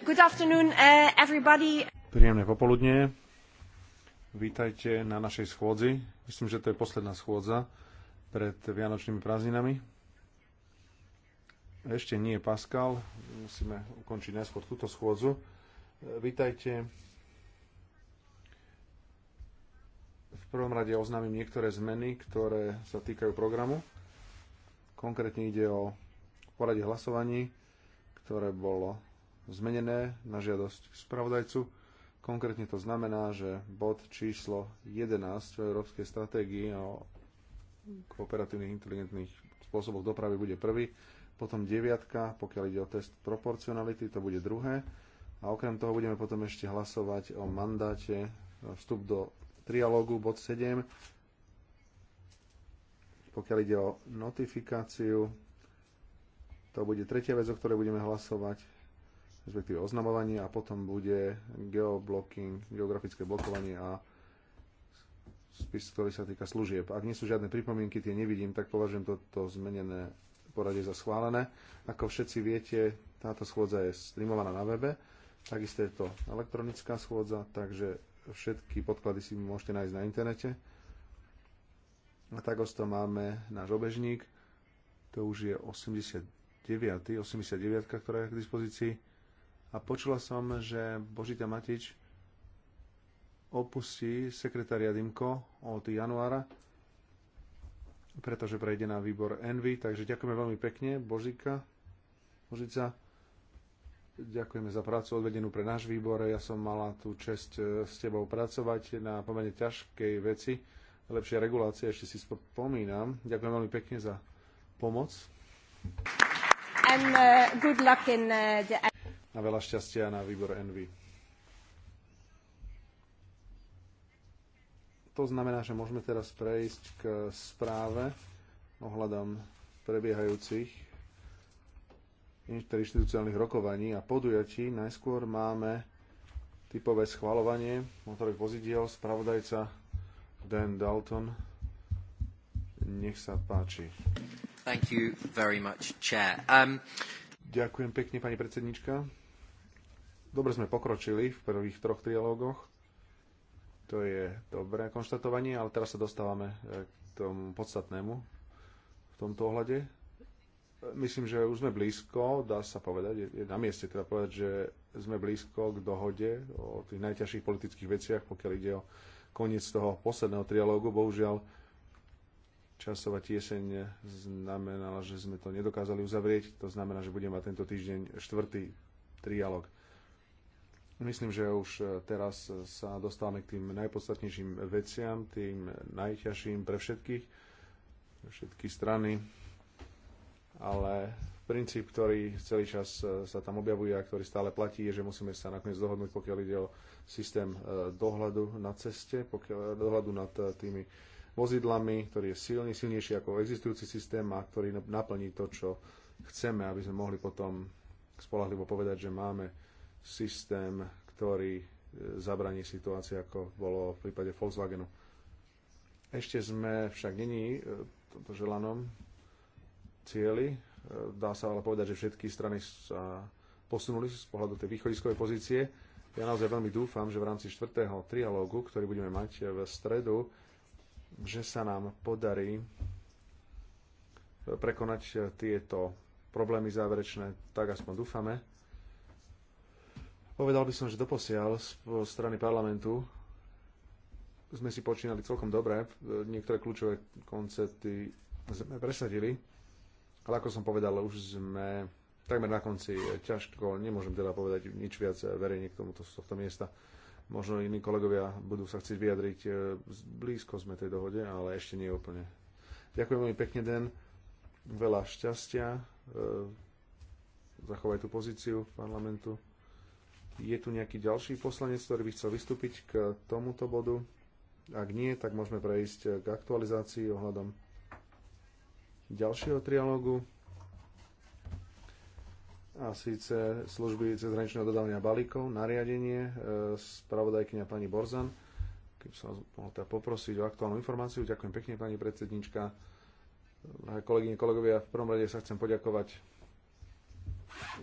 Good afternoon, uh, everybody. Príjemné popoludne. Vítajte na našej schôdzi. Myslím, že to je posledná schôdza pred Vianočnými prázdninami. Ešte nie je Pascal, musíme ukončiť najskôr túto schôdzu. Vítajte. V prvom rade oznámim niektoré zmeny, ktoré sa týkajú programu. Konkrétne ide o poradie hlasovaní, ktoré bolo zmenené na žiadosť spravodajcu. Konkrétne to znamená, že bod číslo 11 v Európskej stratégii o kooperatívnych inteligentných spôsoboch dopravy bude prvý, potom deviatka, pokiaľ ide o test proporcionality, to bude druhé. A okrem toho budeme potom ešte hlasovať o mandáte vstup do trialógu bod 7. Pokiaľ ide o notifikáciu, to bude tretia vec, o ktorej budeme hlasovať respektíve oznamovanie a potom bude geoblocking, geografické blokovanie a spis, ktorý sa týka služieb. Ak nie sú žiadne pripomienky, tie nevidím, tak považujem toto zmenené poradie za schválené. Ako všetci viete, táto schôdza je streamovaná na webe, takisto je to elektronická schôdza, takže všetky podklady si môžete nájsť na internete. A takisto máme náš obežník, to už je 89, 89, ktorá je k dispozícii a počula som, že Božita Matič opustí sekretária Dymko od januára, pretože prejde na výbor Envy. Takže ďakujeme veľmi pekne, Božika, Božica. Ďakujeme za prácu odvedenú pre náš výbor. Ja som mala tú čest e, s tebou pracovať na pomerne ťažkej veci, lepšia regulácia, ešte si spomínam. Ďakujem veľmi pekne za pomoc. And, uh, good luck in, uh, the a veľa šťastia na výbor Envy. To znamená, že môžeme teraz prejsť k správe ohľadom prebiehajúcich interinstitucionálnych rokovaní a podujatí. Najskôr máme typové schvalovanie motorových vozidiel, spravodajca Dan Dalton. Nech sa páči. Thank you very much, chair. Um... Ďakujem pekne, pani predsednička. Dobre sme pokročili v prvých troch trialógoch. To je dobré konštatovanie, ale teraz sa dostávame e, k tomu podstatnému v tomto ohľade. E, myslím, že už sme blízko, dá sa povedať, je na mieste teda povedať, že sme blízko k dohode o tých najťažších politických veciach, pokiaľ ide o koniec toho posledného trialógu. Bohužiaľ, časová tieseň znamenala, že sme to nedokázali uzavrieť. To znamená, že budeme mať tento týždeň štvrtý trialóg Myslím, že už e, teraz e, sa dostávame k tým najpodstatnejším veciam, tým najťažším pre všetkých, všetky strany, ale princíp, ktorý celý čas e, sa tam objavuje a ktorý stále platí, je, že musíme sa nakoniec dohodnúť, pokiaľ ide o systém dohľadu na ceste, pokiaľ, dohľadu nad tými vozidlami, ktorý je silný, silnejší ako existujúci systém a ktorý naplní to, čo chceme, aby sme mohli potom spolahlivo povedať, že máme systém, ktorý e, zabraní situácii, ako bolo v prípade Volkswagenu. Ešte sme však není e, tomto želanom cieli. E, dá sa ale povedať, že všetky strany sa posunuli z pohľadu tej východiskovej pozície. Ja naozaj veľmi dúfam, že v rámci štvrtého trialógu, ktorý budeme mať v stredu, že sa nám podarí prekonať tieto problémy záverečné, tak aspoň dúfame. Povedal by som, že doposiaľ zo strany parlamentu sme si počínali celkom dobre. Niektoré kľúčové koncepty sme presadili, ale ako som povedal, už sme takmer na konci. Ťažko, nemôžem teda povedať nič viac verejne k tomuto z tohto miesta. Možno iní kolegovia budú sa chcieť vyjadriť. E, blízko sme tej dohode, ale ešte nie úplne. Ďakujem veľmi pekne, Den. Veľa šťastia. E, zachovaj tú pozíciu parlamentu. Je tu nejaký ďalší poslanec, ktorý by chcel vystúpiť k tomuto bodu? Ak nie, tak môžeme prejsť k aktualizácii ohľadom ďalšieho trialógu a síce služby cezhraničného dodávania balíkov, nariadenie, e, spravodajkynia pani Borzan. Keby som mohol teda poprosiť o aktuálnu informáciu. Ďakujem pekne, pani predsednička. Kolegyne, kolegovia, v prvom rade sa chcem poďakovať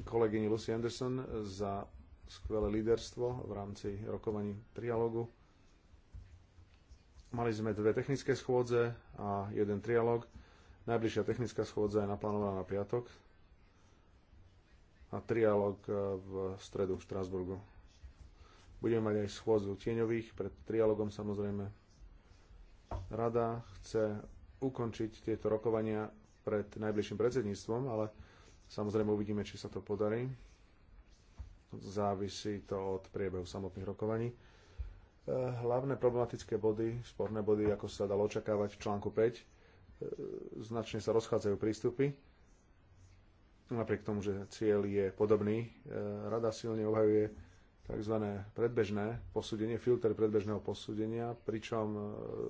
kolegyni Lucy Anderson za skvelé líderstvo v rámci rokovaní trialógu. Mali sme dve technické schôdze a jeden trialóg. Najbližšia technická schôdza je naplánovaná na piatok a trialóg e, v stredu v Štrásburgu. Budeme mať aj schôdzu tieňových pred trialógom samozrejme. Rada chce ukončiť tieto rokovania pred najbližším predsedníctvom, ale samozrejme uvidíme, či sa to podarí závisí to od priebehu samotných rokovaní. E, hlavné problematické body, sporné body, ako sa dalo očakávať v článku 5, e, značne sa rozchádzajú prístupy. Napriek tomu, že cieľ je podobný, e, rada silne obhajuje tzv. predbežné posúdenie, filter predbežného posúdenia, pričom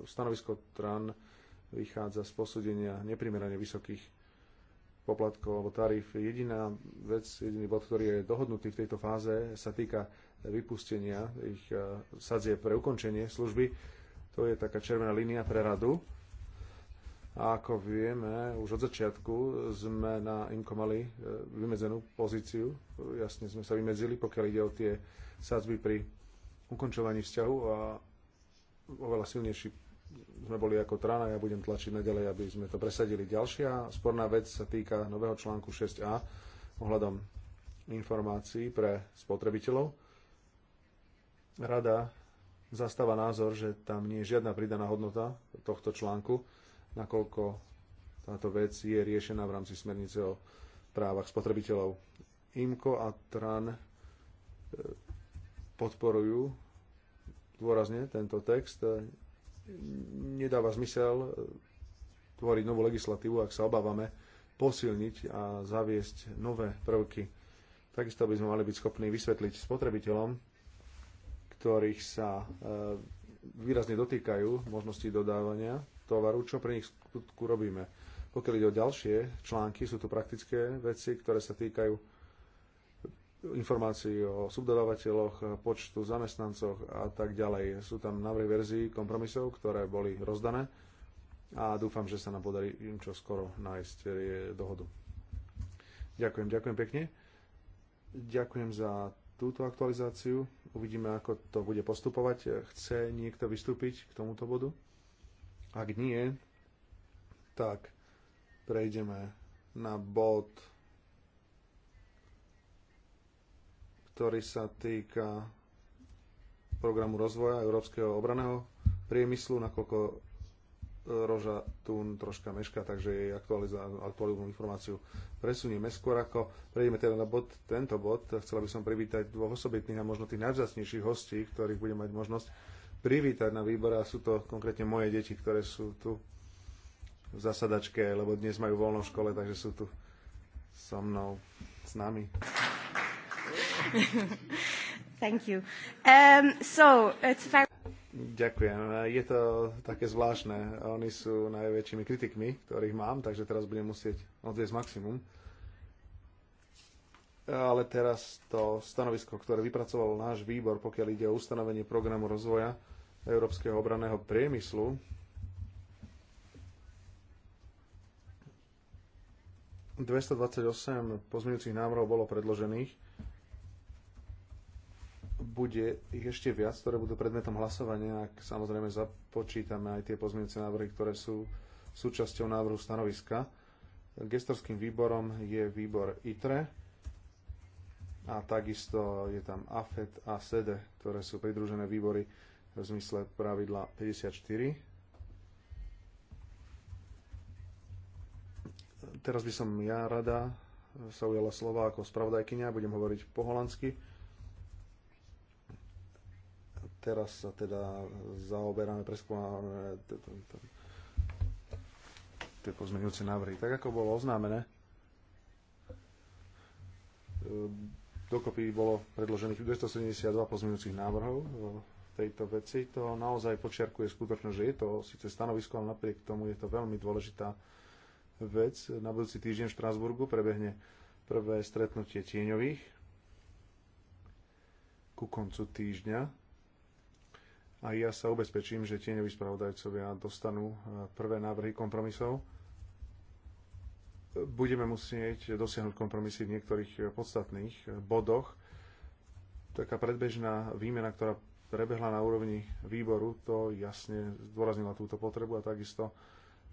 stanovisko TRAN vychádza z posúdenia neprimerane vysokých poplatkov alebo tarif. Jediná vec, jediný bod, ktorý je dohodnutý v tejto fáze, sa týka vypustenia ich eh, sadzie pre ukončenie služby. To je taká červená línia pre radu. A ako vieme, už od začiatku sme na Inko mali eh, vymedzenú pozíciu. Jasne sme sa vymedzili, pokiaľ ide o tie sadzby pri ukončovaní vzťahu a oveľa silnejší sme boli ako trána, ja budem tlačiť naďalej, aby sme to presadili. Ďalšia sporná vec sa týka nového článku 6a ohľadom informácií pre spotrebiteľov. Rada zastáva názor, že tam nie je žiadna pridaná hodnota tohto článku, nakoľko táto vec je riešená v rámci smernice o právach spotrebiteľov. IMCO a TRAN e, podporujú dôrazne tento text nedáva zmysel e, tvoriť novú legislatívu, ak sa obávame posilniť a zaviesť nové prvky. Takisto by sme mali byť schopní vysvetliť spotrebiteľom, ktorých sa e, výrazne dotýkajú možnosti dodávania tovaru, čo pre nich skutku robíme. Pokiaľ ide o ďalšie články, sú tu praktické veci, ktoré sa týkajú informácií o subdodávateľoch, počtu zamestnancoch a tak ďalej. Sú tam návrhy verzií kompromisov, ktoré boli rozdané a dúfam, že sa nám podarí im čo skoro nájsť dohodu. Ďakujem, ďakujem pekne. Ďakujem za túto aktualizáciu. Uvidíme, ako to bude postupovať. Chce niekto vystúpiť k tomuto bodu? Ak nie, tak prejdeme na bod ktorý sa týka programu rozvoja európskeho obraného priemyslu, nakoľko e, Roža tu troška meška, takže jej aktuálnu informáciu presunieme. Skôr ako prejdeme teda na bod, tento bod, chcela by som privítať dvoch osobitných a možno tých najvzácnejších hostí, ktorých budem mať možnosť privítať na výbore a sú to konkrétne moje deti, ktoré sú tu v zasadačke, lebo dnes majú voľno v škole, takže sú tu so mnou, s nami. Thank you. Um, so, it's very... Ďakujem. Je to také zvláštne. Oni sú najväčšími kritikmi, ktorých mám, takže teraz budem musieť odviesť maximum. Ale teraz to stanovisko, ktoré vypracoval náš výbor, pokiaľ ide o ustanovenie programu rozvoja európskeho obranného priemyslu, ...228 pozmeňujúcich návrhov bolo predložených bude ich ešte viac, ktoré budú predmetom hlasovania, ak samozrejme započítame aj tie pozmeňujúce návrhy, ktoré sú súčasťou návrhu stanoviska. Gestorským výborom je výbor ITRE a takisto je tam AFET a SEDE, ktoré sú pridružené výbory v zmysle pravidla 54. Teraz by som ja rada sa ujala slova ako spravodajkynia, budem hovoriť po holandsky teraz sa teda zaoberáme, preskúmame tie pozmeňujúce návrhy. Tak ako bolo oznámené, e, dokopy bolo predložených 272 pozmeňujúcich návrhov e, v tejto veci. To naozaj počiarkuje skutočnosť, že je to síce stanovisko, ale napriek tomu je to veľmi dôležitá vec. Na budúci týždeň v Štrásburgu prebehne prvé stretnutie tieňových ku koncu týždňa a ja sa ubezpečím, že tieňoví spravodajcovia dostanú e, prvé návrhy kompromisov. E, budeme musieť dosiahnuť kompromisy v niektorých e, podstatných bodoch. Taká predbežná výmena, ktorá prebehla na úrovni výboru, to jasne zdôraznila túto potrebu a takisto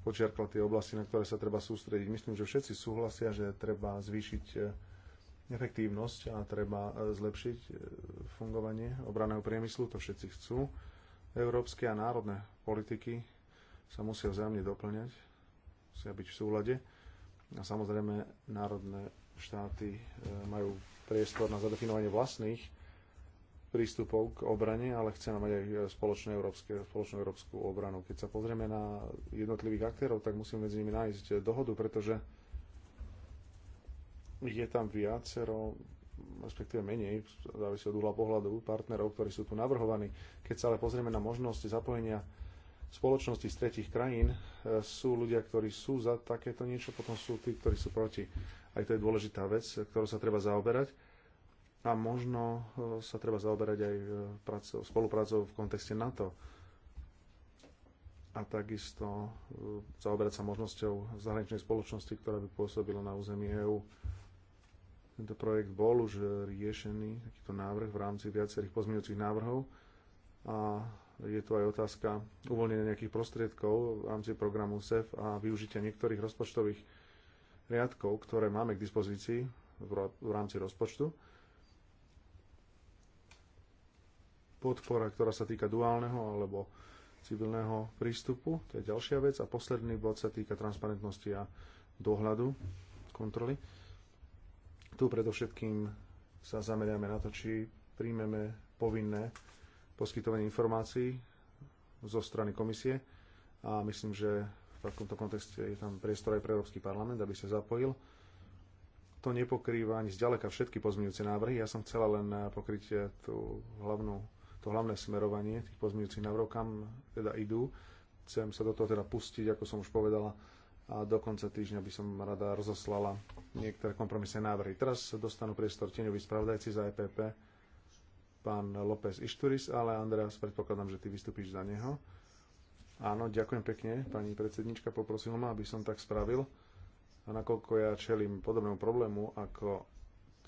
počiarkla tie oblasti, na ktoré sa treba sústrediť. Myslím, že všetci súhlasia, že treba zvýšiť efektívnosť a treba zlepšiť fungovanie obraného priemyslu, to všetci chcú. Európske a národné politiky sa musia vzájomne doplňať, musia byť v súlade. A samozrejme, národné štáty e, majú priestor na zadefinovanie vlastných prístupov k obrane, ale chceme mať aj e, spoločnú, európsku, spoločnú európsku obranu. Keď sa pozrieme na jednotlivých aktérov, tak musíme medzi nimi nájsť dohodu, pretože je tam viacero respektíve menej, závisí od uhla pohľadu partnerov, ktorí sú tu navrhovaní. Keď sa ale pozrieme na možnosti zapojenia spoločnosti z tretich krajín, e, sú ľudia, ktorí sú za takéto niečo, potom sú tí, ktorí sú proti. Aj to je dôležitá vec, ktorou sa treba zaoberať. A možno e, sa treba zaoberať aj e, spoluprácou v kontexte NATO a takisto zaoberať sa možnosťou zahraničnej spoločnosti, ktorá by pôsobila na území EÚ. Tento projekt bol už e, riešený, takýto návrh v rámci viacerých pozmeňujúcich návrhov a je tu aj otázka uvoľnenia nejakých prostriedkov v rámci programu SEF a využitia niektorých rozpočtových riadkov, ktoré máme k dispozícii v rámci rozpočtu. Podpora, ktorá sa týka duálneho alebo civilného prístupu, to je ďalšia vec. A posledný bod sa týka transparentnosti a dohľadu, kontroly tu predovšetkým sa zameriame na to, či príjmeme povinné poskytovanie informácií zo strany komisie a myslím, že v takomto kontexte je tam priestor aj pre Európsky parlament, aby sa zapojil. To nepokrýva ani zďaleka všetky pozmeňujúce návrhy. Ja som chcela len pokryť tú hlavnú, to hlavné smerovanie tých pozmeňujúcich návrhov, kam teda idú. Chcem sa do toho teda pustiť, ako som už povedala, a do konca týždňa by som rada rozoslala niektoré kompromisné návrhy. Teraz dostanú priestor tieňový spravodajci za EPP, pán López Išturis, ale Andreas, predpokladám, že ty vystúpiš za neho. Áno, ďakujem pekne, pani predsednička, poprosím ma, aby som tak spravil. A nakoľko ja čelím podobnému problému ako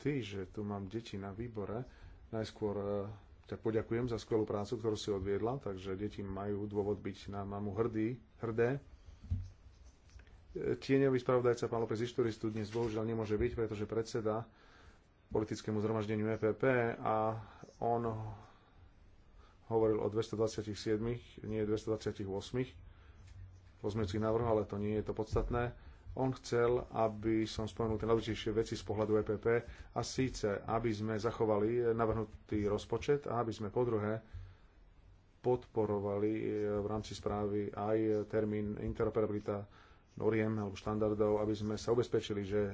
ty, že tu mám deti na výbore, najskôr e, ťa poďakujem za skvelú prácu, ktorú si odviedla, takže deti majú dôvod byť na mamu hrdí, hrdé, Tieňový spravodajca pán López tu dnes bohužiaľ nemôže byť, pretože predseda politickému zhromaždeniu EPP a on hovoril o 227, nie 228 pozmeňujúcich návrhov, ale to nie je to podstatné. On chcel, aby som spomenul tie najdôležitejšie veci z pohľadu EPP a síce, aby sme zachovali navrhnutý rozpočet a aby sme po druhé podporovali v rámci správy aj termín interoperabilita noriem alebo štandardov, aby sme sa ubezpečili, že e,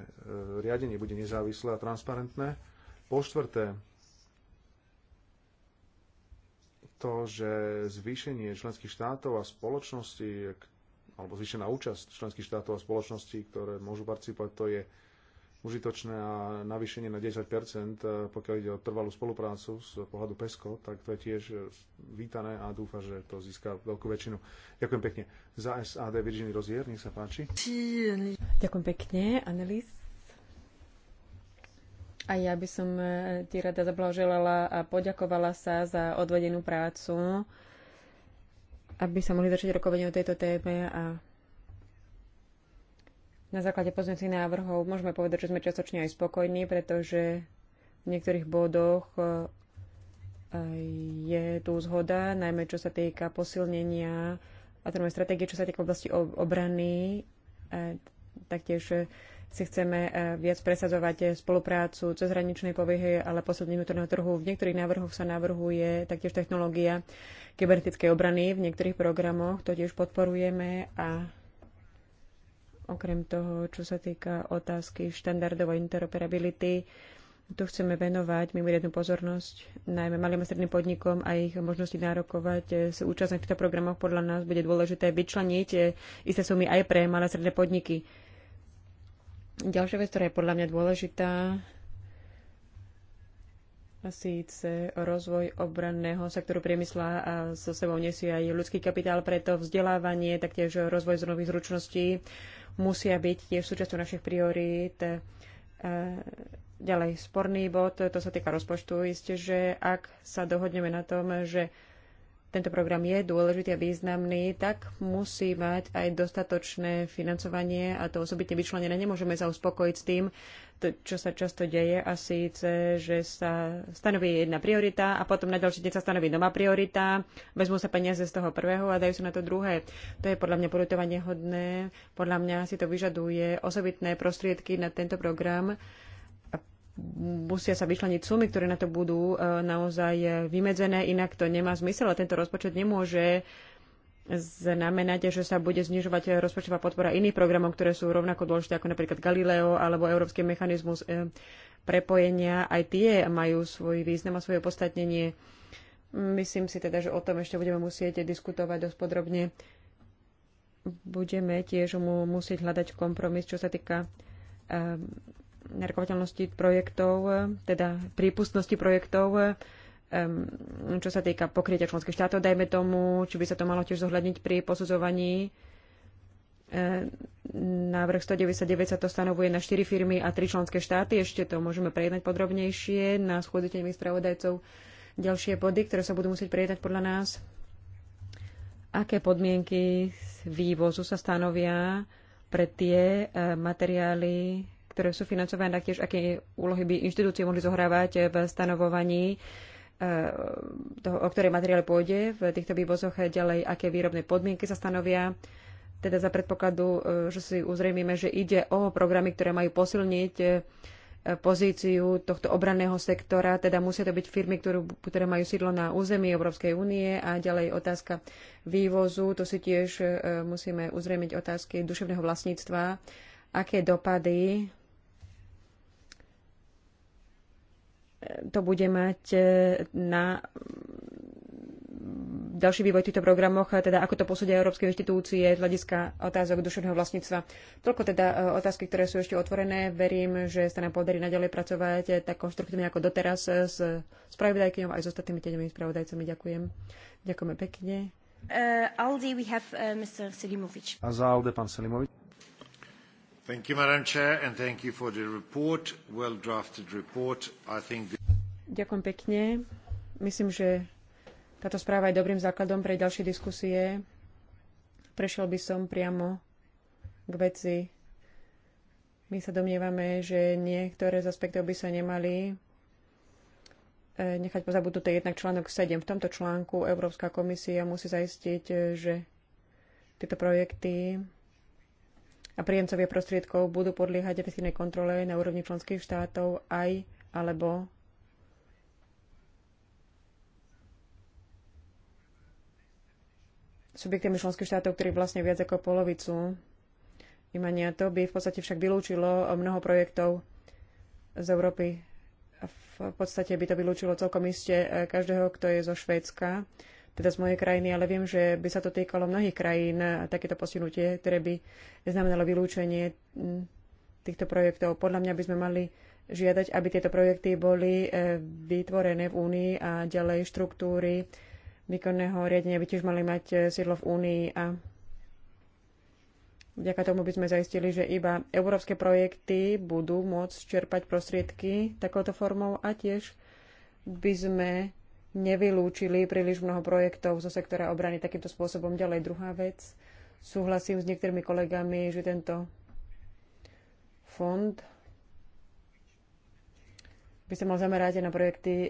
riadenie bude nezávislé a transparentné. Po štvrté, to, že zvýšenie členských štátov a spoločností, alebo zvýšená účasť členských štátov a spoločností, ktoré môžu participovať, to je užitočné a navýšenie na 10%, e, pokiaľ ide o trvalú spoluprácu z pohľadu PESCO, tak to je tiež e, vítané a dúfa, že to získa veľkú väčšinu. Ďakujem pekne. Za SAD Virginy Rozier, nech sa páči. Ďakujem pekne, Annelies. A ja by som e, ti rada zablahoželala a poďakovala sa za odvedenú prácu, aby sa mohli začať rokovanie o tejto téme a na základe pozmeňujúcich návrhov môžeme povedať, že sme čiastočne aj spokojní, pretože v niektorých bodoch e, je tu zhoda, najmä čo sa týka posilnenia atomovej stratégie, čo sa týka oblasti obrany. E, taktiež si chceme e, viac presadzovať spoluprácu cez hraničnej povyhy, ale posledný vnútorného trhu. V niektorých návrhoch sa navrhuje taktiež technológia kybernetickej obrany, v niektorých programoch to tiež podporujeme a Okrem toho, čo sa týka otázky štandardov a interoperability, tu chceme venovať mimoriadnú pozornosť, najmä malým a stredným podnikom a ich možnosti nárokovať s účasť na týchto programoch. Podľa nás bude dôležité vyčleniť isté sumy aj pre malé a stredné podniky. Ďalšia vec, ktorá je podľa mňa dôležitá, síce rozvoj obranného sektoru priemysla a so sebou nesie aj ľudský kapitál, preto vzdelávanie, taktiež rozvoj z zručností musia byť tiež súčasťou našich priorít. Ďalej, sporný bod, to sa týka rozpočtu. Isté, že ak sa dohodneme na tom, že tento program je dôležitý a významný, tak musí mať aj dostatočné financovanie a to osobitne vyčlenené. Nemôžeme sa uspokojiť s tým, čo sa často deje a síce, že sa stanoví jedna priorita a potom na ďalší deň sa stanoví nová priorita, vezmú sa peniaze z toho prvého a dajú sa na to druhé. To je podľa mňa porutovanie hodné, podľa mňa si to vyžaduje osobitné prostriedky na tento program a musia sa vyšleniť sumy, ktoré na to budú e, naozaj vymedzené, inak to nemá zmysel a tento rozpočet nemôže uh, znamenať, že sa bude znižovať rozpočtová podpora iných programov, ktoré sú rovnako dôležité ako napríklad Galileo alebo Európsky mechanizmus eh, prepojenia. Aj tie majú svoj význam a svoje opodstatnenie. Myslím si teda, že o tom ešte budeme musieť diskutovať dosť podrobne. Budeme tiež mu musieť hľadať kompromis, čo sa týka um, projektov, eh, teda prípustnosti projektov čo sa týka pokrytia členských štátov, dajme tomu, či by sa to malo tiež zohľadniť pri posudzovaní. E, návrh 199 sa to stanovuje na 4 firmy a 3 členské štáty. Ešte to môžeme prejednať podrobnejšie na schôdzi spravodajcov ďalšie body, ktoré sa budú musieť prejednať podľa nás aké podmienky z vývozu sa stanovia pre tie e, materiály, ktoré sú financované, taktiež aké úlohy by inštitúcie mohli zohrávať v stanovovaní Eh, toho, o ktoré materiály pôjde v týchto vývozoch, a eh, ďalej aké výrobné podmienky sa stanovia, teda za predpokladu, eh, že si uzrejmime, že ide o programy, ktoré majú posilniť pozíciu tohto obranného sektora, teda musia to byť firmy, ktorú, ktoré majú sídlo na území Európskej únie a ďalej otázka vývozu, to si tiež musíme uzrejmiť otázky duševného vlastníctva, aké dopady to bude mať e, na mm, ďalší vývoj v týchto programoch, teda ako to posúdia európske inštitúcie z hľadiska otázok duševného vlastníctva. Toľko teda e, otázky, ktoré sú ešte otvorené. Verím, že sa nám podarí naďalej pracovať e, tak konštruktívne ako doteraz s spravodajkyňou aj s ostatnými tieňovými spravodajcami. Ďakujem. Ďakujeme pekne. Uh, Aldi, we have, uh, Mr. A za Alde pán Selimovič. Thank you, Madam Chair, and thank you for the report, well drafted report. I think... Ďakujem pekne. Myslím, že táto správa je dobrým základom pre ďalšie diskusie. Prešiel by som priamo k veci. My sa domnievame, že niektoré z aspektov by sa nemali e, nechať pozabudnuté jednak článok 7. V tomto článku Európska komisia musí zaistiť, že tieto projekty a príjemcovia prostriedkov budú podliehať efektívnej kontrole na úrovni členských štátov aj alebo subjektami členských štátov, ktorí vlastne viac ako polovicu imania. To by v podstate však vylúčilo mnoho projektov z Európy. V podstate by to vylúčilo celkom iste e, každého, kto je zo Švédska teda z mojej krajiny, ale viem, že by sa to týkalo mnohých krajín takéto posunutie, ktoré by znamenalo vylúčenie mm, týchto projektov. Podľa mňa by sme mali žiadať, aby tieto projekty boli e, vytvorené v Únii a ďalej štruktúry výkonného riadenia by tiež mali mať e, sídlo v Únii a vďaka tomu by sme zaistili, že iba európske projekty budú môcť čerpať prostriedky takouto formou a tiež by sme nevylúčili príliš mnoho projektov zo sektora obrany takýmto spôsobom. Ďalej druhá vec. Súhlasím s niektorými kolegami, že tento fond by sa mal zamerať na projekty, e,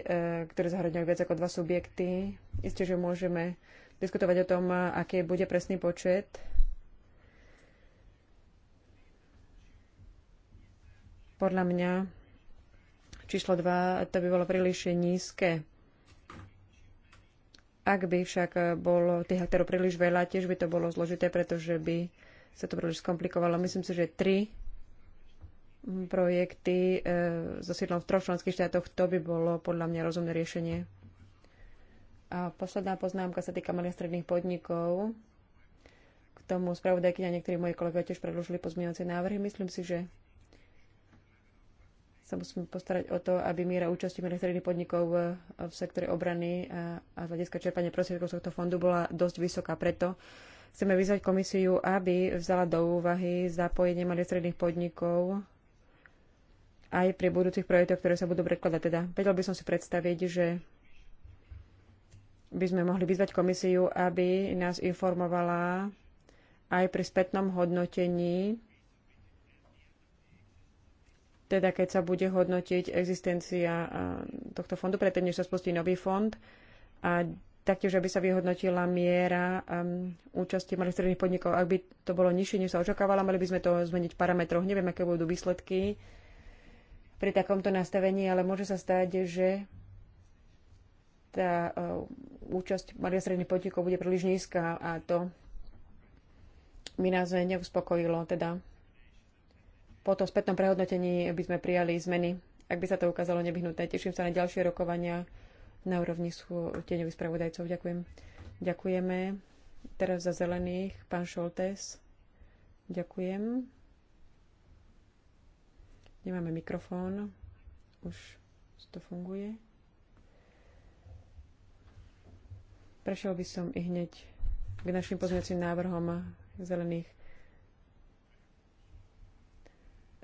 ktoré zahrňujú viac ako dva subjekty. Isté, že môžeme diskutovať o tom, aký bude presný počet podľa mňa číslo 2 to by bolo príliš nízke. Ak by však e, bolo tých aktérov príliš veľa, tiež by to bolo zložité, pretože by sa to príliš skomplikovalo. Myslím si, že tri projekty e, so sídlom v troch členských štátoch, to by bolo podľa mňa rozumné riešenie. A posledná poznámka sa týka malých stredných podnikov. K tomu spravodajky a niektorí moji kolegovia tiež predložili pozmeňovacie návrhy. Myslím si, že sa musíme postarať o to, aby miera účasti malých podnikov eh, v sektore obrany a, a z hľadiska čerpania prostriedkov z tohto fondu bola dosť vysoká. Preto chceme vyzvať komisiu, aby vzala do úvahy zapojenie malých podnikov aj pri budúcich projektoch, ktoré sa budú predkladať. Teda vedel by som si predstaviť, že by sme mohli vyzvať komisiu, aby nás informovala aj pri spätnom hodnotení teda keď sa bude hodnotiť existencia tohto fondu, predtým, než sa spustí nový fond a taktiež, aby sa vyhodnotila miera um, účasti malých stredných podnikov. Ak by to bolo nižšie, než sa očakávala, mali by sme to zmeniť v parametroch. Neviem, aké budú výsledky pri takomto nastavení, ale môže sa stať, že tá uh, účasť malých stredných podnikov bude príliš nízka a to mi nás neuspokojilo. Teda po tom spätnom prehodnotení by sme prijali zmeny, ak by sa to ukázalo nevyhnutné. Teším sa na ďalšie rokovania na úrovni tieňových spravodajcov. Ďakujem. Ďakujeme. Teraz za zelených pán Šoltes. Ďakujem. Nemáme mikrofón. Už to funguje. Prešiel by som i hneď k našim pozmeňujúcim návrhom zelených.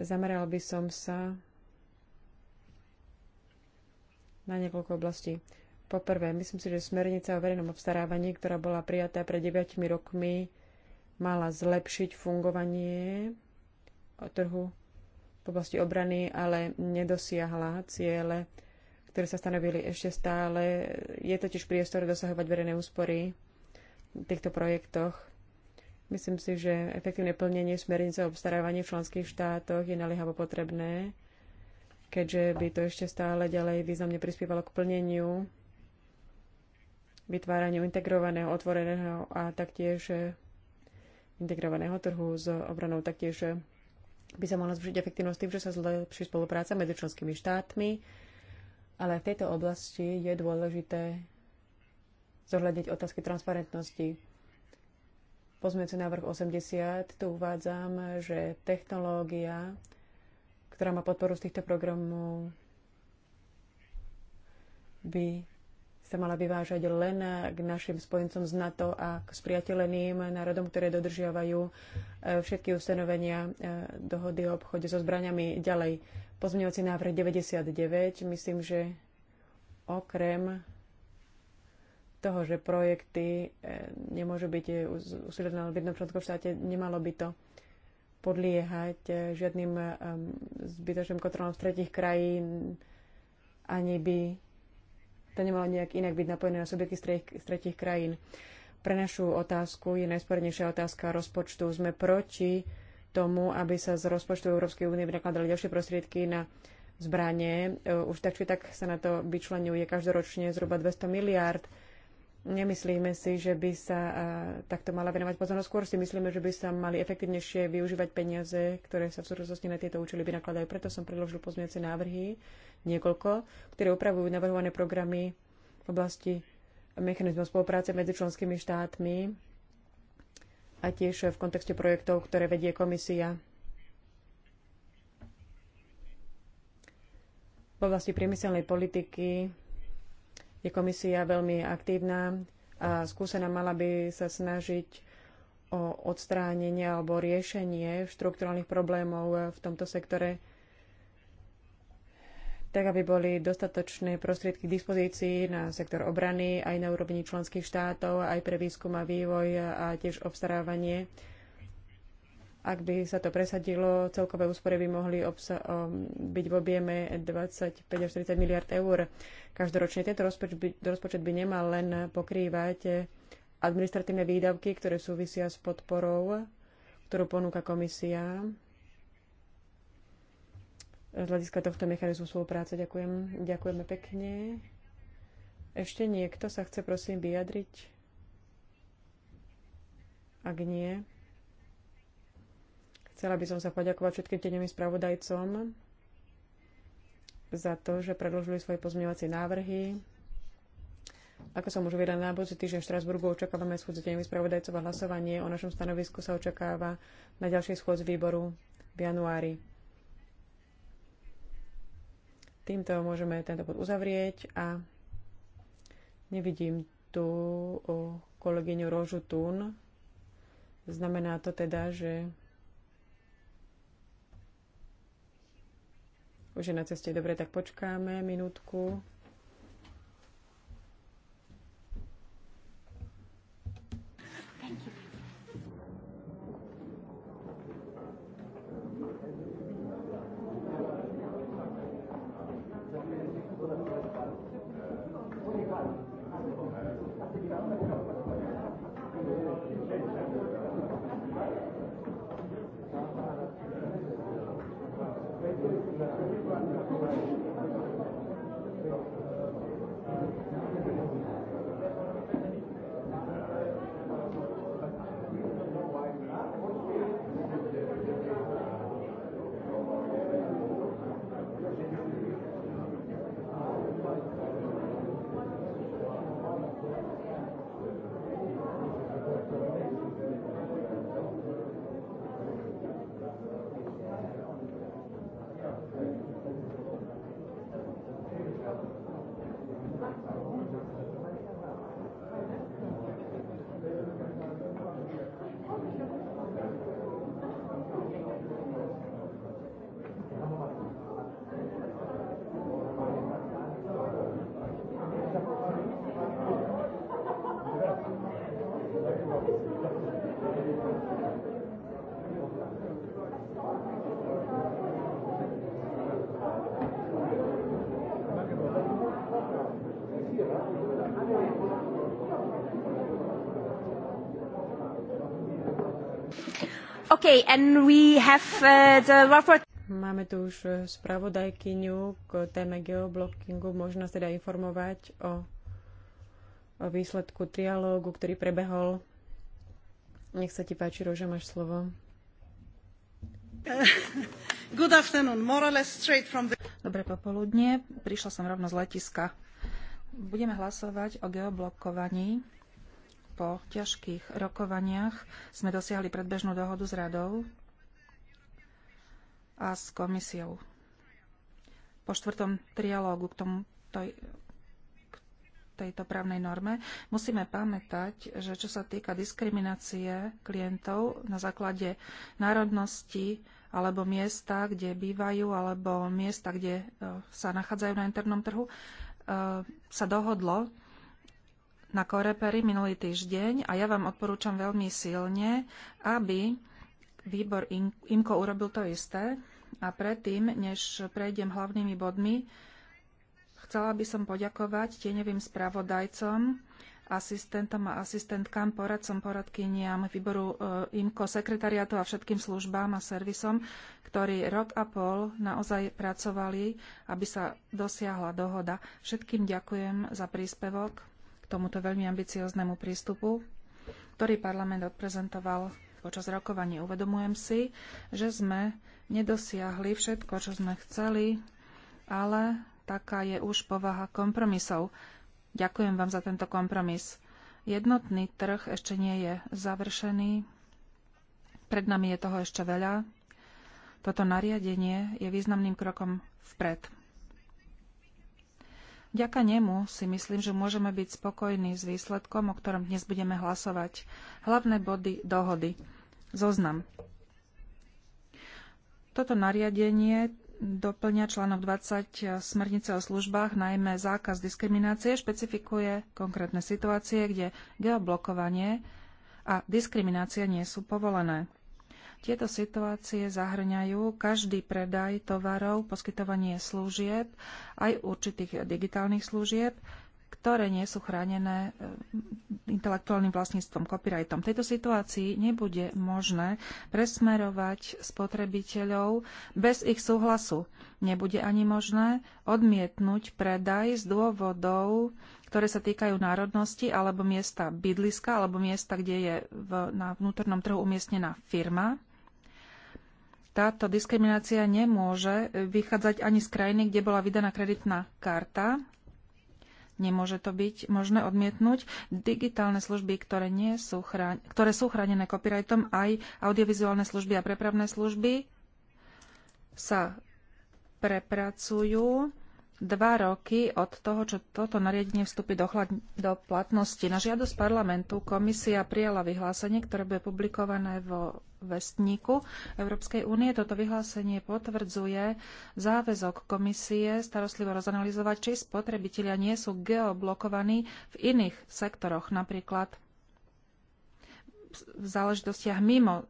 Zameral by som sa na niekoľko oblastí. Poprvé, myslím si, že smernica o verejnom obstarávaní, ktorá bola prijatá pred 9 rokmi, mala zlepšiť fungovanie trhu v oblasti obrany, ale nedosiahla ciele, ktoré sa stanovili ešte stále. Je totiž priestor dosahovať verejné úspory v týchto projektoch Myslím si, že efektívne plnenie smernice o obstarávaní v členských štátoch je naliehavo potrebné, keďže by to ešte stále ďalej významne prispievalo k plneniu, vytváraniu integrovaného, otvoreného a taktiež integrovaného trhu s obranou. Taktiež by sa mohla zvýšiť efektívnosť tým, že sa zlepší spolupráca medzi členskými štátmi, ale v tejto oblasti je dôležité zohľadniť otázky transparentnosti pozmeňujúci návrh 80. Tu uvádzam, že technológia, ktorá má podporu z týchto programov, by sa mala vyvážať len k našim spojencom z NATO a k spriateľeným národom, ktoré dodržiavajú e, všetky ustanovenia e, dohody o obchode so zbraniami. Ďalej, pozmeňovací návrh 99, myslím, že okrem toho, že projekty e, nemôžu byť e, usilené v jednom členskom štáte, nemalo by to podliehať e, žiadnym zbytočným kontrolom z tretich krajín, ani by to nemalo nejak inak byť napojené na subjekty z tretich krajín. Pre našu otázku je najspornejšia otázka rozpočtu. Sme proti tomu, aby sa z rozpočtu Európskej únie vynakladali ďalšie prostriedky na zbranie. Už tak či tak sa na to vyčlenuje každoročne zhruba 200 miliárd Nemyslíme si, že by sa takto mala venovať pozornosť. Skôr si myslíme, že by sa mali efektívnejšie využívať peniaze, ktoré sa v súčasnosti na tieto účely by nakladajú. Preto som predložil pozmiace návrhy, niekoľko, ktoré upravujú navrhované programy v oblasti mechanizmu spolupráce medzi členskými štátmi a tiež v kontexte projektov, ktoré vedie komisia. V oblasti priemyselnej politiky je komisia veľmi aktívna a skúsená mala by sa snažiť o odstránenie alebo riešenie štrukturálnych problémov v tomto sektore, tak aby boli dostatočné prostriedky k dispozícii na sektor obrany aj na úrovni členských štátov, aj pre výskum a vývoj a tiež obstarávanie ak by sa to presadilo, celkové úspory by mohli um, byť v objeme 25 až 30 miliard eur každoročne. Tento rozpočet by, rozpočet by nemal len pokrývať administratívne výdavky, ktoré súvisia s podporou, ktorú ponúka komisia z hľadiska tohto mechanizmu spolupráce. Ďakujem. Ďakujeme pekne. Ešte niekto sa chce prosím vyjadriť? Ak nie, Chcela by som sa poďakovať všetkým tenevým spravodajcom za to, že predložili svoje pozmeňovacie návrhy. Ako som už uvedla na budúci týždeň v Štrasburgu, očakávame schôdzu tenevých spravodajcov a hlasovanie o našom stanovisku sa očakáva na ďalšej z výboru v januári. Týmto môžeme tento bod uzavrieť a nevidím tu kolegyňu Rožu Tún. Znamená to teda, že Už je na ceste. Dobre, tak počkáme minútku. Okay, and we have uh, the report. Máme tu už eh, spravodajkyňu k téme geoblockingu. Možno teda informovať o, o výsledku trialógu, ktorý prebehol. Nech sa ti páči, Roža, máš slovo. Good afternoon, more or less straight from the... Dobré popoludne, prišla som rovno z letiska. Budeme hlasovať o geoblokovaní po ťažkých rokovaniach sme dosiahli predbežnú dohodu s radou a s komisiou. Po štvrtom trialógu k, tomu, toj, k tejto právnej norme musíme pamätať, že čo sa týka diskriminácie klientov na základe národnosti alebo miesta, kde bývajú, alebo miesta, kde e, sa nachádzajú na internom trhu, e, sa dohodlo na Korepery minulý týždeň a ja vám odporúčam veľmi silne, aby výbor IMKO urobil to isté. A predtým, než prejdem hlavnými bodmi, chcela by som poďakovať tieňovým spravodajcom, asistentom a asistentkám, poradcom, poradkyniam výboru e, IMKO, sekretariátu a všetkým službám a servisom, ktorí rok a pol naozaj pracovali, aby sa dosiahla dohoda. Všetkým ďakujem za príspevok tomuto veľmi ambicioznému prístupu, ktorý parlament odprezentoval počas rokovania. Uvedomujem si, že sme nedosiahli všetko, čo sme chceli, ale taká je už povaha kompromisov. Ďakujem vám za tento kompromis. Jednotný trh ešte nie je završený. Pred nami je toho ešte veľa. Toto nariadenie je významným krokom vpred. Vďaka nemu si myslím, že môžeme byť spokojní s výsledkom, o ktorom dnes budeme hlasovať. Hlavné body dohody. Zoznam. Toto nariadenie doplňa článok 20 smernice o službách, najmä zákaz diskriminácie, špecifikuje konkrétne situácie, kde geoblokovanie a diskriminácia nie sú povolené. Tieto situácie zahrňajú každý predaj tovarov, poskytovanie služieb, aj určitých digitálnych služieb, ktoré nie sú chránené eh, intelektuálnym vlastníctvom, copyrightom. V tejto situácii nebude možné presmerovať spotrebiteľov bez ich súhlasu. Nebude ani možné odmietnúť predaj z dôvodov, ktoré sa týkajú národnosti alebo miesta bydliska alebo miesta, kde je v, na vnútornom trhu umiestnená firma táto diskriminácia nemôže vychádzať ani z krajiny, kde bola vydaná kreditná karta. Nemôže to byť možné odmietnúť. Digitálne služby, ktoré, nie sú, chráň, ktoré sú chránené copyrightom, aj audiovizuálne služby a prepravné služby sa prepracujú dva roky od toho, čo toto nariadenie vstúpi do, do platnosti. Na žiadosť parlamentu komisia prijala vyhlásenie, ktoré bude publikované vo vestníku Európskej únie. Toto vyhlásenie potvrdzuje záväzok komisie starostlivo rozanalizovať, či spotrebitelia nie sú geoblokovaní v iných sektoroch, napríklad v záležitostiach mimo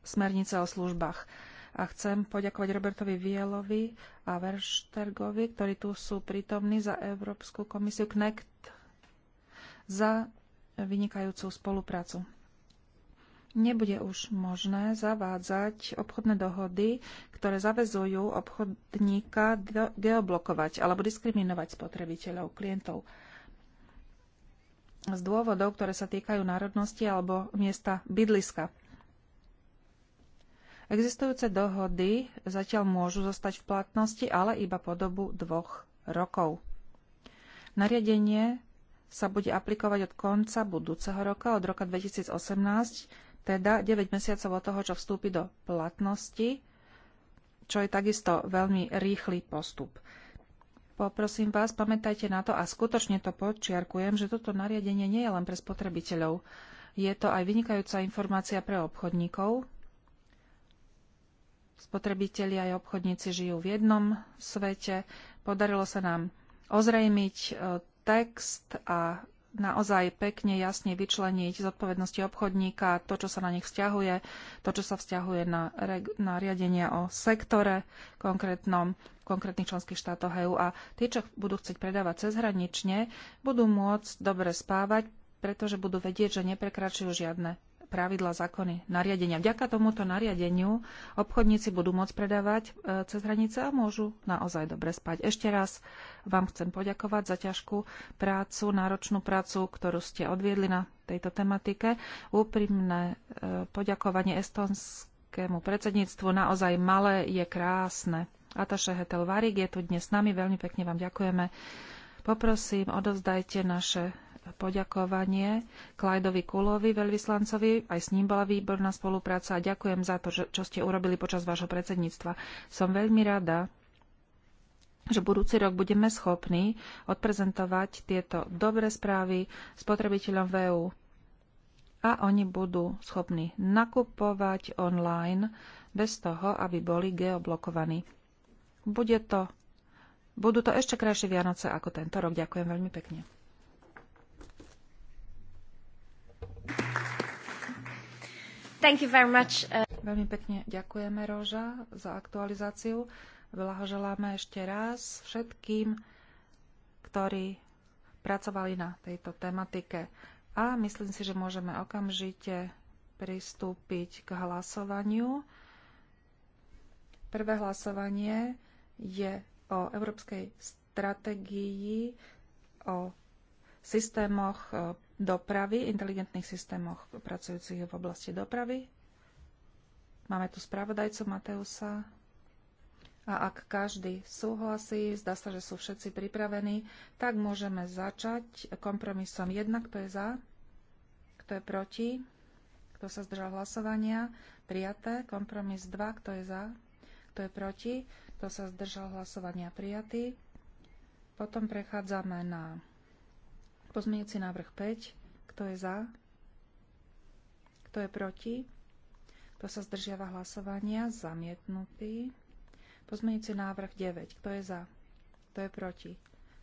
smernice o službách a chcem poďakovať Robertovi Vielovi a Verštergovi, ktorí tu sú prítomní za Európsku komisiu KNECT za vynikajúcu spoluprácu. Nebude už možné zavádzať obchodné dohody, ktoré zavezujú obchodníka geoblokovať alebo diskriminovať spotrebiteľov, klientov z dôvodov, ktoré sa týkajú národnosti alebo miesta bydliska. Existujúce dohody zatiaľ môžu zostať v platnosti, ale iba po dobu dvoch rokov. Nariadenie sa bude aplikovať od konca budúceho roka, od roka 2018, teda 9 mesiacov od toho, čo vstúpi do platnosti, čo je takisto veľmi rýchly postup. Poprosím vás, pamätajte na to a skutočne to podčiarkujem, že toto nariadenie nie je len pre spotrebiteľov. Je to aj vynikajúca informácia pre obchodníkov, Spotrebitelia aj obchodníci žijú v jednom svete. Podarilo sa nám ozrejmiť e, text a naozaj pekne, jasne vyčleniť zodpovednosti obchodníka, to, čo sa na nich vzťahuje, to, čo sa vzťahuje na, na riadenia o sektore konkrétnom, v konkrétnych členských štátoch EÚ. A tí, čo budú chcieť predávať cezhranične, budú môcť dobre spávať, pretože budú vedieť, že neprekračujú žiadne pravidla, zákony, nariadenia. Vďaka tomuto nariadeniu obchodníci budú môcť predávať e, cez hranice a môžu naozaj dobre spať. Ešte raz vám chcem poďakovať za ťažkú prácu, náročnú prácu, ktorú ste odviedli na tejto tematike. Úprimné e, poďakovanie estonskému predsedníctvu. Naozaj malé je krásne. Ataše Hetel Varig je tu dnes s nami. Veľmi pekne vám ďakujeme. Poprosím, odovzdajte naše poďakovanie Klajdovi Kulovi, veľvyslancovi. Aj s ním bola výborná spolupráca a ďakujem za to, čo ste urobili počas vášho predsedníctva. Som veľmi rada, že budúci rok budeme schopní odprezentovať tieto dobré správy spotrebiteľom v e a oni budú schopní nakupovať online bez toho, aby boli geoblokovaní. Bude to, budú to ešte krajšie Vianoce ako tento rok. Ďakujem veľmi pekne. Thank you very much. Uh, Veľmi pekne ďakujeme, Roža, za aktualizáciu. Blahoželáme ešte raz všetkým, ktorí pracovali na tejto tematike. A myslím si, že môžeme okamžite pristúpiť k hlasovaniu. Prvé hlasovanie je o európskej stratégii, o systémoch dopravy, inteligentných systémoch pracujúcich v oblasti dopravy. Máme tu spravodajcu Mateusa. A ak každý súhlasí, zdá sa, že sú všetci pripravení, tak môžeme začať kompromisom 1, kto je za, kto je proti, kto sa zdržal hlasovania, prijaté. Kompromis 2, kto je za, kto je proti, kto sa zdržal hlasovania, prijatý. Potom prechádzame na Pozmeňujúci návrh 5. Kto je za? Kto je proti? Kto sa zdržiava hlasovania? Zamietnutý. Pozmeňujúci návrh 9. Kto je za? Kto je proti?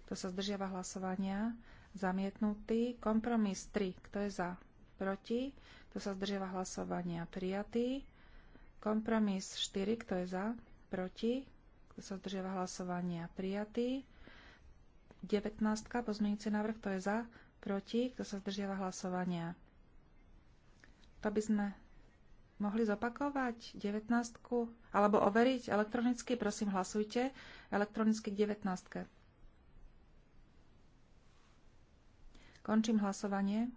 Kto sa zdržiava hlasovania? Zamietnutý. Kompromis 3. Kto je za? Proti? Kto sa zdržiava hlasovania? Prijatý. Kompromis 4. Kto je za? Proti? Kto sa zdržiava hlasovania? Prijatý. 19. Pozmeňujúci návrh, to je za, proti, kto sa zdržiava hlasovania. To by sme mohli zopakovať 19. alebo overiť elektronicky, prosím hlasujte elektronicky k 19. Končím hlasovanie.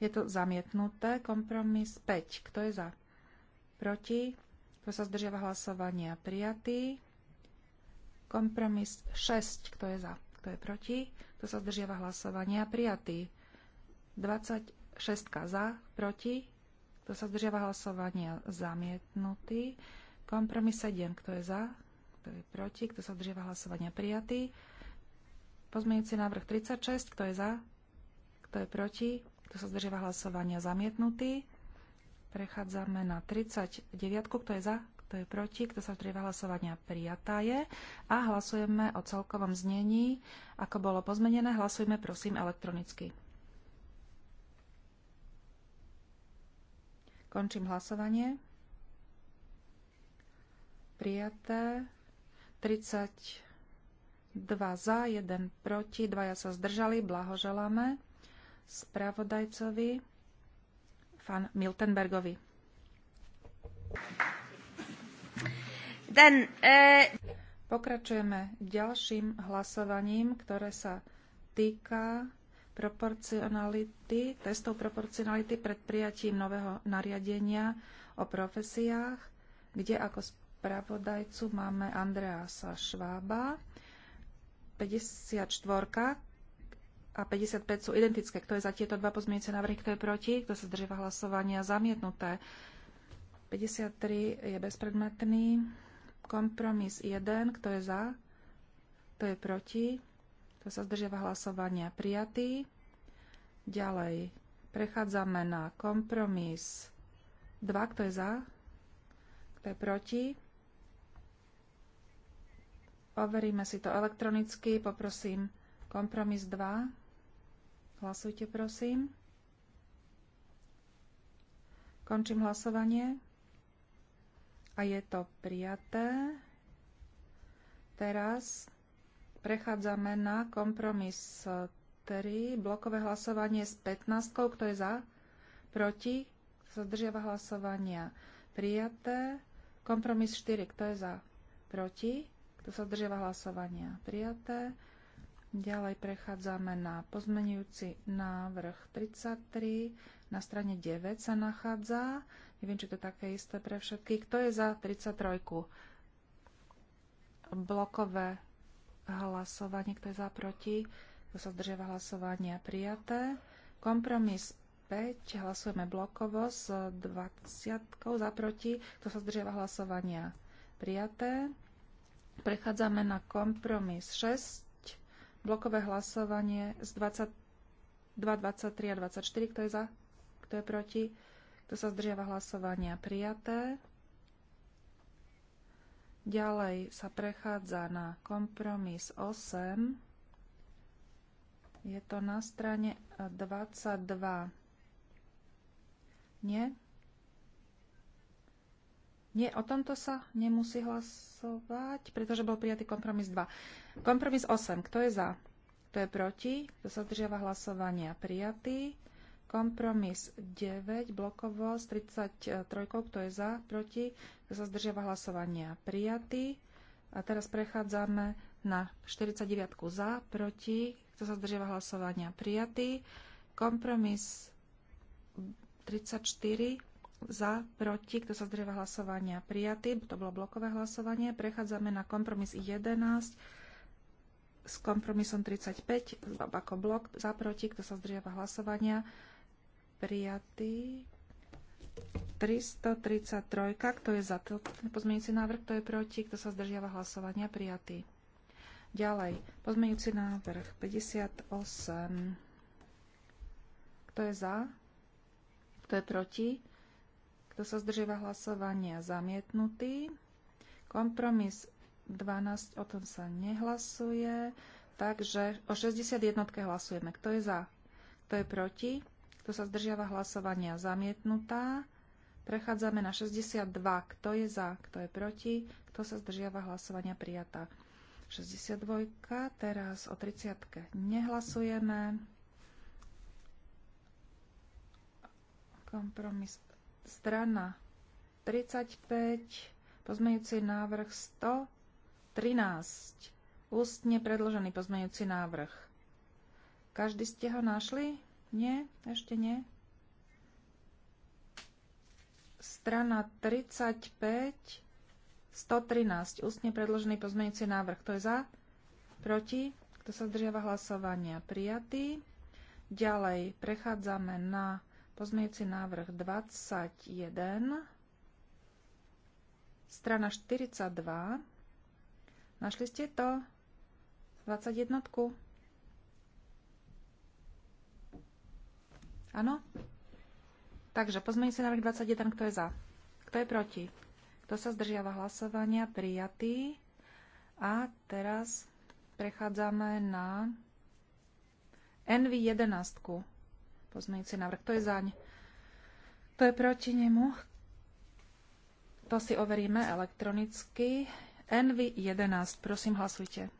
Je to zamietnuté. Kompromis 5. Kto je za? Proti? Kto sa zdržiava hlasovania? Prijatý. Kompromis 6. Kto je za? Kto je proti? Kto sa zdržiava hlasovania? Prijatý. 26. Za? Proti? Kto sa zdržiava hlasovania? Zamietnutý. Kompromis 7. Kto je za? Kto je proti? Kto sa zdržiava hlasovania? Prijatý. Pozmeňujúci návrh 36. Kto je za? Kto je proti? Kto sa zdržiava hlasovania? Zamietnutý. Prechádzame na 39. Kto je za? kto je proti, kto sa vzdrieva hlasovania, prijatá je. A hlasujeme o celkovom znení. Ako bolo pozmenené, hlasujme prosím elektronicky. Končím hlasovanie. Prijaté. 32 za, 1 proti, dvaja sa zdržali. Blahoželáme spravodajcovi, fan Miltenbergovi. Then, uh... Pokračujeme ďalším hlasovaním, ktoré sa týka proporcionality, testov proporcionality pred prijatím nového nariadenia o profesiách, kde ako spravodajcu máme Andreasa Švába. 54 a 55 sú identické. Kto je za tieto dva pozmienice návrhy, kto je proti, kto sa zdržíva hlasovania, zamietnuté. 53 je bezpredmetný. Kompromis 1, kto je za, kto je proti, kto sa zdržiava hlasovania, prijatý. Ďalej prechádzame na kompromis 2, kto je za, kto je proti. Overíme si to elektronicky, poprosím kompromis 2. Hlasujte prosím. Končím hlasovanie a je to prijaté. Teraz prechádzame na kompromis 3, blokové hlasovanie s 15, kto je za, proti, zdržiava hlasovania prijaté. Kompromis 4, kto je za, proti, kto sa zdržiava hlasovania prijaté. Ďalej prechádzame na pozmenujúci návrh 33, na strane 9 sa nachádza Neviem, či to také isté pre všetkých. Kto je za 33? Blokové hlasovanie. Kto je za proti? Kto sa zdržiava hlasovania? Prijaté. Kompromis 5. Hlasujeme blokovo s 20 za proti. Kto sa zdržiava hlasovania? Prijaté. Prechádzame na kompromis 6. Blokové hlasovanie z 20, 2, 23 a 24. Kto je za? Kto je proti? Kto sa zdržiava hlasovania? Prijaté. Ďalej sa prechádza na kompromis 8. Je to na strane 22. Nie? Nie, o tomto sa nemusí hlasovať, pretože bol prijatý kompromis 2. Kompromis 8. Kto je za? Kto je proti? Kto sa zdržiava hlasovania? Prijatý. Kompromis 9, blokovo s 33, kto je za, proti, kto sa zdržiava hlasovania, prijatý. A teraz prechádzame na 49 za, proti, kto sa zdržiava hlasovania, prijatý. Kompromis 34 za, proti, kto sa zdržiava hlasovania, prijatý. To bolo blokové hlasovanie. Prechádzame na kompromis 11 s kompromisom 35 ako blok, za, proti, kto sa zdržiava hlasovania, prijatý prijatý. 333, kto je za pozmeňujúci návrh, kto je proti, kto sa zdržiava hlasovania, prijatý. Ďalej, pozmeňujúci návrh 58, kto je za, kto je proti, kto sa zdržiava hlasovania, zamietnutý. Kompromis 12, o tom sa nehlasuje, takže o 61 hlasujeme. Kto je za, kto je proti, kto sa zdržiava hlasovania? Zamietnutá. Prechádzame na 62. Kto je za? Kto je proti? Kto sa zdržiava hlasovania? Prijatá. 62. Teraz o 30. Nehlasujeme. Kompromis. Strana 35. Pozmejúci návrh 113. Ústne predložený pozmejúci návrh. Každý ste ho našli? Nie, ešte nie. Strana 35, 113. Ústne predložený pozmeňujúci návrh. Kto je za? Proti? Kto sa zdržiava hlasovania? Prijatý. Ďalej prechádzame na pozmeňujúci návrh 21. Strana 42. Našli ste to? 21. Áno? Takže sa návrh 21, kto je za? Kto je proti? Kto sa zdržiava hlasovania? Prijatý. A teraz prechádzame na NV11. Pozmeňujúci návrh. Kto je zaň? Kto je proti nemu? To si overíme elektronicky. NV11. Prosím, hlasujte.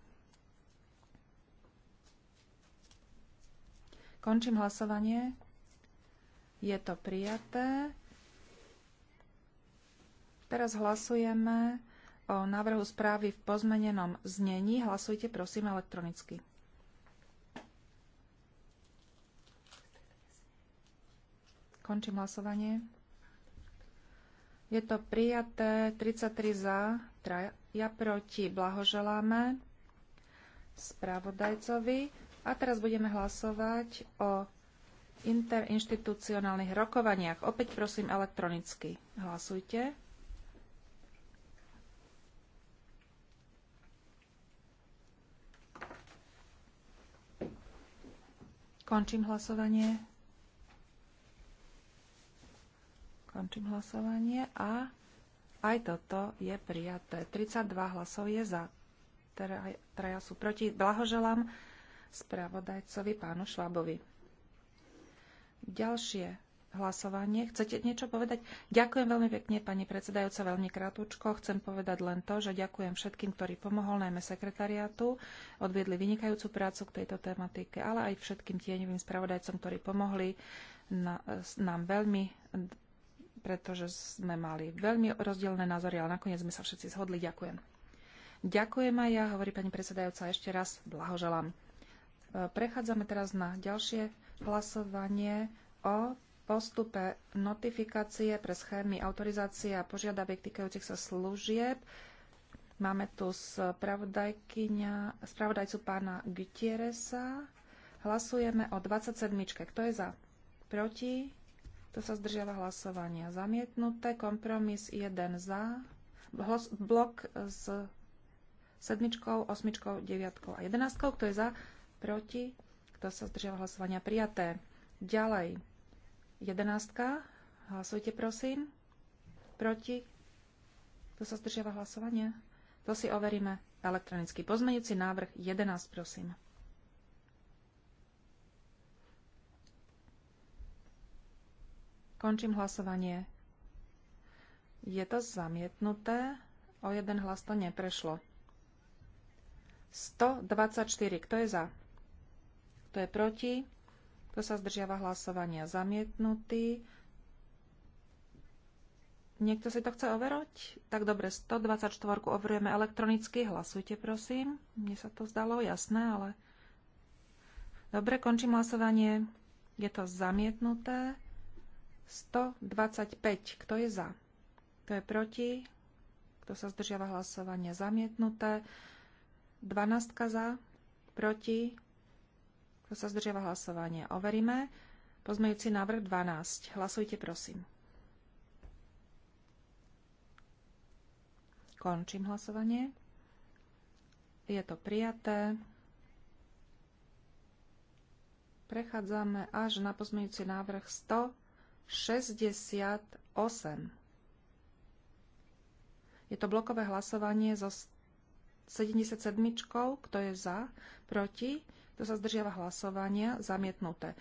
Končím hlasovanie. Je to prijaté. Teraz hlasujeme o návrhu správy v pozmenenom znení. Hlasujte prosím elektronicky. Končím hlasovanie. Je to prijaté 33 za, ja proti. Blahoželáme spravodajcovi. A teraz budeme hlasovať o interinštitucionálnych rokovaniach. Opäť prosím elektronicky. Hlasujte. Končím hlasovanie. Končím hlasovanie a aj toto je prijaté. 32 hlasov je za. Traja sú proti. Blahoželám spravodajcovi pánu Švábovi ďalšie hlasovanie. Chcete niečo povedať? Ďakujem veľmi pekne, pani predsedajúca, veľmi krátko. Chcem povedať len to, že ďakujem všetkým, ktorí pomohol, najmä sekretariátu, odviedli vynikajúcu prácu k tejto tematike, ale aj všetkým tieňovým spravodajcom, ktorí pomohli na, nám veľmi, pretože sme mali veľmi rozdielne názory, ale nakoniec sme sa všetci zhodli. Ďakujem. Ďakujem aj ja, hovorí pani predsedajúca, ešte raz blahoželám. E, prechádzame teraz na ďalšie hlasovanie o postupe notifikácie pre schémy autorizácie a požiadaviek týkajúcich sa služieb. Máme tu spravodajcu pána Gutieresa. Hlasujeme o 27. Kto je za? Proti? To sa zdržiava hlasovania. Zamietnuté. Kompromis 1 za. Hlas, blok s sedmičkou, osmičkou, deviatkou a jedenáctkou. Kto je za? Proti? Kto sa zdržal hlasovania? Prijaté. Ďalej. Jedenáctka. Hlasujte, prosím. Proti. Kto sa zdržiava hlasovanie? To si overíme elektronicky. Pozmeňujúci návrh 11, prosím. Končím hlasovanie. Je to zamietnuté. O jeden hlas to neprešlo. 124. Kto je za? Kto je proti? Kto sa zdržiava hlasovania? Zamietnutý. Niekto si to chce overoť? Tak dobre, 124 overujeme elektronicky. Hlasujte, prosím. Mne sa to zdalo, jasné, ale... Dobre, končím hlasovanie. Je to zamietnuté. 125. Kto je za? Kto je proti? Kto sa zdržiava hlasovania? Zamietnuté. 12 za, proti, kto sa zdržiava hlasovania? Overíme. Pozmejúci návrh 12. Hlasujte, prosím. Končím hlasovanie. Je to prijaté. Prechádzame až na pozmejúci návrh 168. Je to blokové hlasovanie so 77. Kto je za? Proti? Kto sa zdržiava hlasovania? Zamietnuté.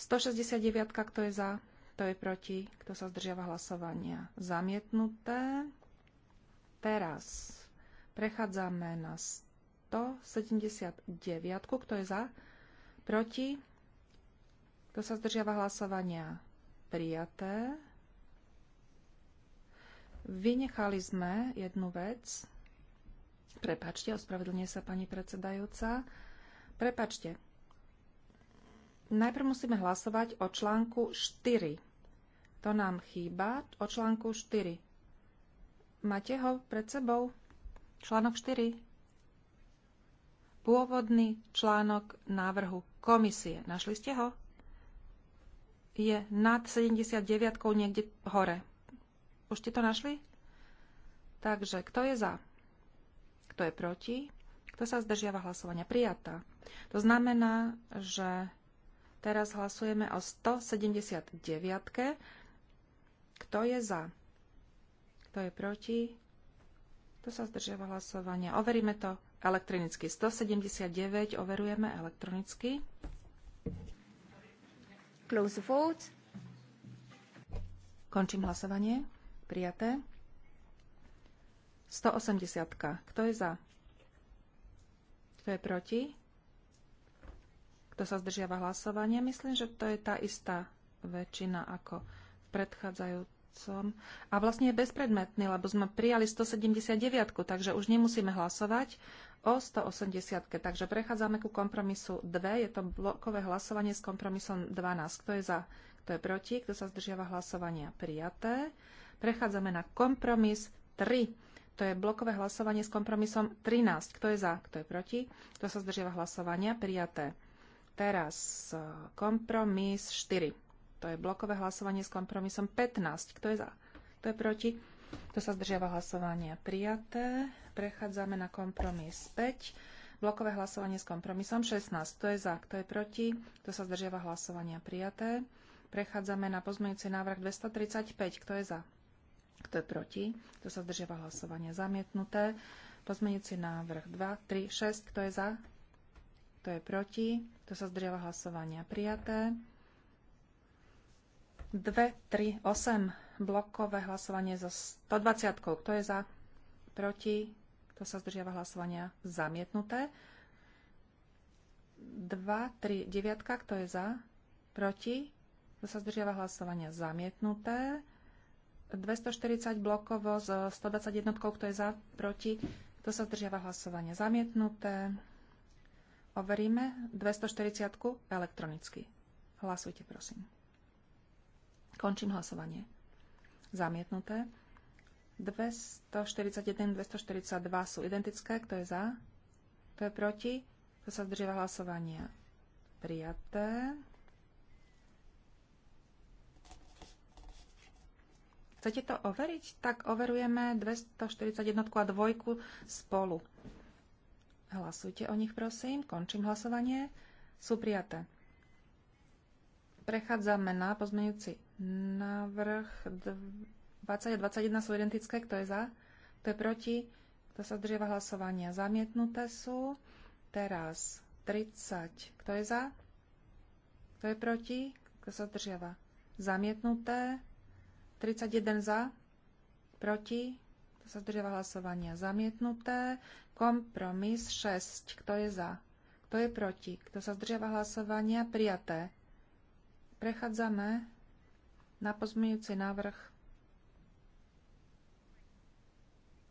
169, kto je za? Kto je proti? Kto sa zdržiava hlasovania? Zamietnuté. Teraz prechádzame na 179. Kto je za? Proti? Kto sa zdržiava hlasovania? Prijaté. Vynechali sme jednu vec. Prepačte, ospravedlňuje sa pani predsedajúca. Prepačte. Najprv musíme hlasovať o článku 4. To nám chýba. O článku 4. Máte ho pred sebou? Článok 4. Pôvodný článok návrhu komisie. Našli ste ho? Je nad 79 niekde hore. Už ste to našli? Takže kto je za? Kto je proti? Kto sa zdržiava hlasovania? Prijatá. To znamená, že teraz hlasujeme o 179. -ke. Kto je za? Kto je proti? Kto sa zdržiava hlasovania? Overíme to elektronicky. 179 overujeme elektronicky. Close vote. Končím hlasovanie. Prijaté. 180. Kto je za? Kto je proti? Kto sa zdržiava hlasovania? Myslím, že to je tá istá väčšina ako v predchádzajúcom. A vlastne je bezpredmetný, lebo sme prijali 179, takže už nemusíme hlasovať o 180. Takže prechádzame ku kompromisu 2. Je to blokové hlasovanie s kompromisom 12. Kto je za? Kto je proti? Kto sa zdržiava hlasovania? Prijaté. Prechádzame na kompromis 3. To je blokové hlasovanie s kompromisom 13. Kto je za? Kto je proti? Kto sa zdržiava hlasovania? Prijaté. Teraz e, kompromis 4. To je blokové hlasovanie s kompromisom 15. Kto je za? Kto je proti? Kto sa zdržiava hlasovania? Prijaté. Prechádzame na kompromis 5. Blokové hlasovanie s kompromisom 16. Kto je za? Kto je proti? Kto sa zdržiava hlasovania? Prijaté. Prechádzame na pozmeňujúci návrh 235. Kto je za? Kto je proti? Kto sa zdržiava hlasovania? Zamietnuté. Pozmeňujúci návrh 2, 3, 6. Kto je za? Kto je proti? Kto sa zdriava hlasovania? Prijaté. 2, 3, 8 blokové hlasovanie za 120. Kto je za? Proti? Kto sa zdržiava hlasovania? Zamietnuté. 2, 3, 9. Kto je za? Proti? Kto sa zdržiava hlasovania? Zamietnuté. 240 blokovo s 121. Kto je za? Proti? Kto sa zdržiava hlasovania? Zamietnuté. Overíme 240 elektronicky. Hlasujte, prosím. Končím hlasovanie. Zamietnuté. 241, 242 sú identické. Kto je za? Kto je proti? Kto sa zdržíva hlasovania? Prijaté. Chcete to overiť? Tak overujeme 241 a 2 spolu. Hlasujte o nich, prosím. Končím hlasovanie. Sú prijaté. Prechádzame na pozmeňujúci návrh 20 a 21 sú identické. Kto je za? Kto je proti? Kto sa zdržiava hlasovania? Zamietnuté sú. Teraz 30. Kto je za? Kto je proti? Kto sa zdržiava? Zamietnuté. 31 za. Proti. Kto sa zdržiava hlasovania? Zamietnuté. Kompromis 6. Kto je za? Kto je proti? Kto sa zdržiava hlasovania? Prijaté. Prechádzame na pozmeňujúci návrh.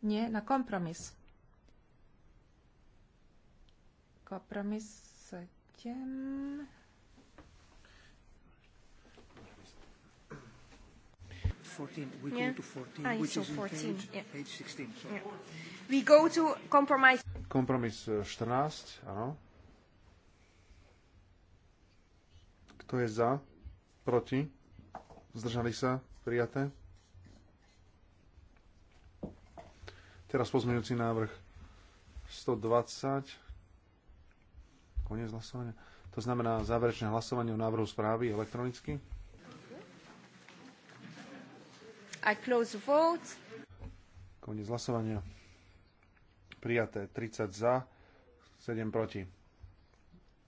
Nie, na kompromis. Kompromis 7. 14. We yeah. go to 14, ah, which is 14. page, yeah. page 16. Yeah. We go to compromise. Kompromis 14, eh, áno. Kto je za? Proti? Zdržali sa? Prijaté? Teraz pozmeňujúci návrh 120. Koniec hlasovania. To znamená záverečné hlasovanie o návrhu správy elektronicky. I close vote. Koniec hlasovania. Prijaté 30 za, 7 proti.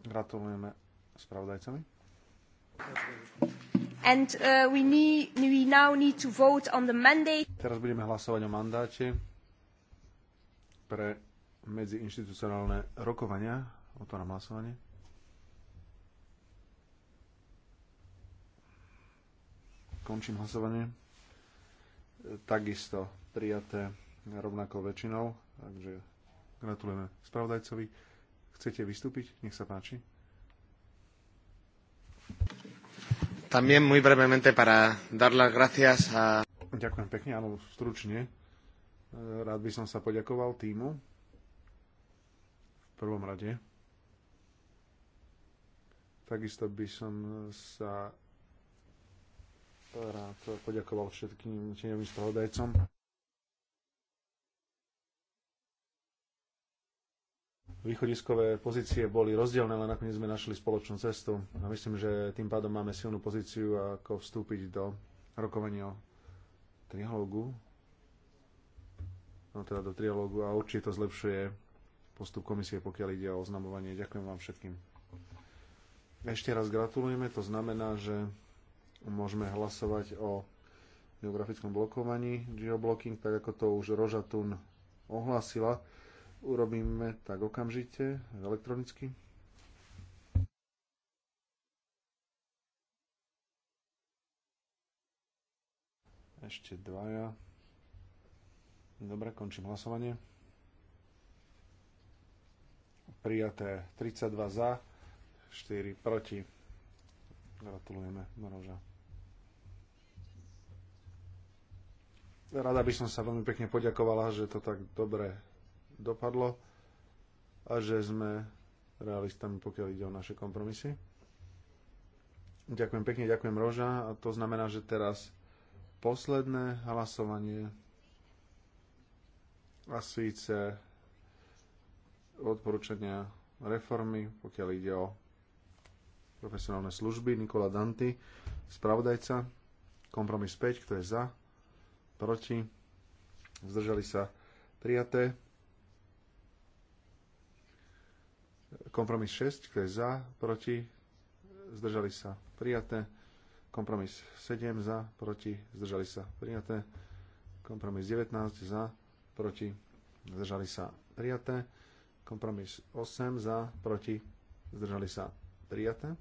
Gratulujeme spravodajcovi. And uh, we, need, we now need to vote on the mandate. Teraz budeme hlasovať o mandáte pre medziinstitucionálne rokovania. Otváram hlasovanie. Končím hlasovanie takisto prijaté rovnakou väčšinou. Takže gratulujeme spravodajcovi. Chcete vystúpiť? Nech sa páči. También muy brevemente para dar las gracias a... Ďakujem pekne, áno, stručne. E, rád by som sa poďakoval týmu v prvom rade. Takisto by som sa rád poďakoval všetkým tieňovým spravodajcom. Východiskové pozície boli rozdielne, ale nakoniec sme našli spoločnú cestu a myslím, že tým pádom máme silnú pozíciu, ako vstúpiť do rokovania o trialógu. No teda do trialógu a určite to zlepšuje postup komisie, pokiaľ ide o oznamovanie. Ďakujem vám všetkým. Ešte raz gratulujeme, to znamená, že môžeme hlasovať o geografickom blokovaní, geoblocking, tak ako to už Rožatun ohlásila. Urobíme tak okamžite, elektronicky. Ešte dvaja. Dobre, končím hlasovanie. Prijaté 32 za, 4 proti. Gratulujeme, Maroža. Rada by som sa veľmi pekne poďakovala, že to tak dobre dopadlo a že sme realistami, pokiaľ ide o naše kompromisy. Ďakujem pekne, ďakujem Roža. A to znamená, že teraz posledné hlasovanie a síce odporúčania reformy, pokiaľ ide o profesionálne služby. Nikola Danty, spravodajca, kompromis 5, kto je za, proti, zdržali sa prijaté. Kompromis 6, kto je za, proti, zdržali sa prijaté. Kompromis 7 za, proti, zdržali sa prijaté. Kompromis 19 za, proti, zdržali sa prijaté. Kompromis 8 za, proti, zdržali sa prijaté.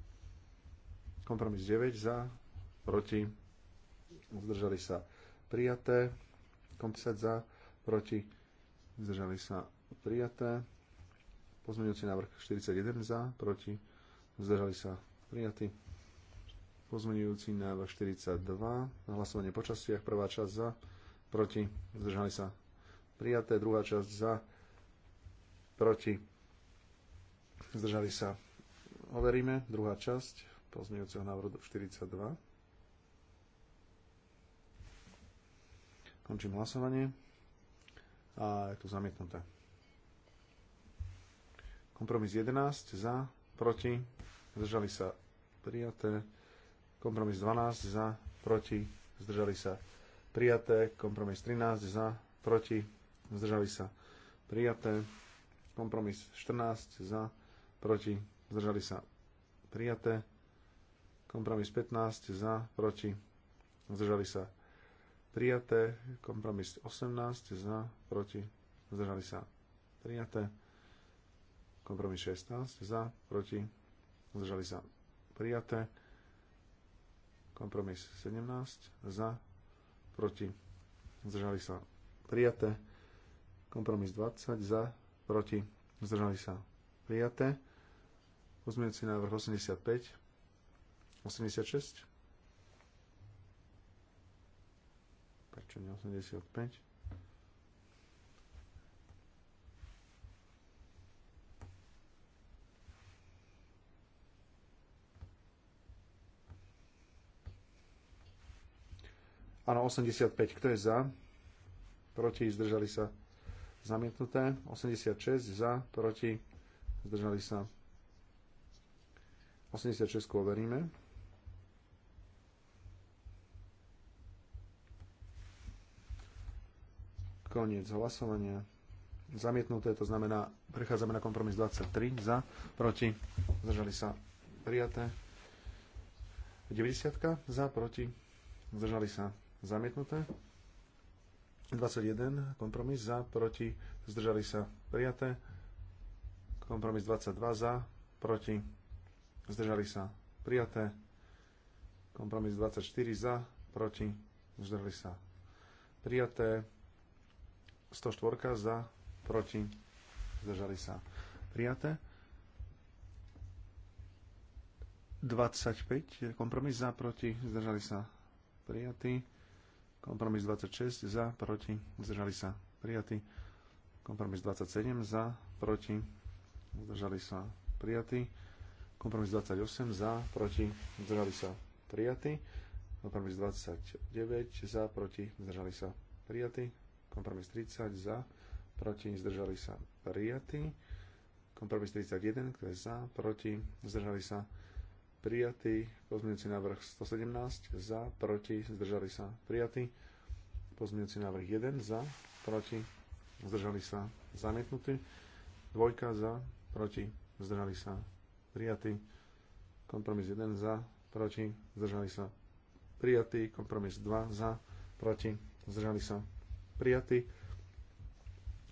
Kompromis 9 za, proti, zdržali sa prijaté. Kom za, proti, zdržali sa prijaté. Pozmeňujúci návrh 41 za, proti, zdržali sa prijatí. Pozmeňujúci návrh 42, hlasovanie počastiach, prvá časť za, proti, zdržali sa prijaté, druhá časť za, proti, zdržali sa. Overíme, druhá časť pozmeňujúceho návrhu 42. Končím hlasovanie. A je to zamietnuté. Kompromis 11 za, proti, zdržali sa prijaté. Kompromis 12 za, proti, zdržali sa prijaté. Kompromis 13 za, proti, zdržali sa prijaté. Kompromis 14 za, proti, zdržali sa prijaté. Kompromis 15 za, proti, zdržali sa prijaté prijaté, kompromis 18 za, proti, zdržali sa prijaté, kompromis 16 za, proti, zdržali sa prijaté, kompromis 17 za, proti, zdržali sa prijaté, kompromis 20 za, proti, zdržali sa prijaté, pozmeňujúci návrh 85, 86, Čo je 85? Áno, 85. Kto je za? Proti, zdržali sa. Zamietnuté. 86 za, proti, zdržali sa. 86 overíme. Koniec hlasovania. Zamietnuté, to znamená, prechádzame na kompromis 23, za, proti, zdržali sa prijaté. 90, za, proti, zdržali sa zamietnuté. 21, kompromis za, proti, zdržali sa prijaté. Kompromis 22 za, proti, zdržali sa prijaté. Kompromis 24 za, proti, zdržali sa prijaté. 104 za, proti, zdržali sa prijaté. 25, kompromis za, proti, zdržali sa prijatí. Kompromis 26 za, proti, zdržali sa prijatí. Kompromis 27 za, proti, zdržali sa prijatí. Kompromis 28 za, proti, zdržali sa prijatí. Kompromis 29 za, proti, zdržali sa prijatí. Kompromis 30 za, proti, zdržali sa prijatí. Kompromis 31, kto je za, proti, zdržali sa prijatí. Pozmeňujúci návrh 117 za, proti, zdržali sa prijatí. Pozmeňujúci návrh 1 za, proti, zdržali sa zamietnutí. Dvojka za, proti, zdržali sa prijatí. Kompromis 1 za, proti, zdržali sa prijatí. Kompromis 2 za, proti, zdržali sa prijatý.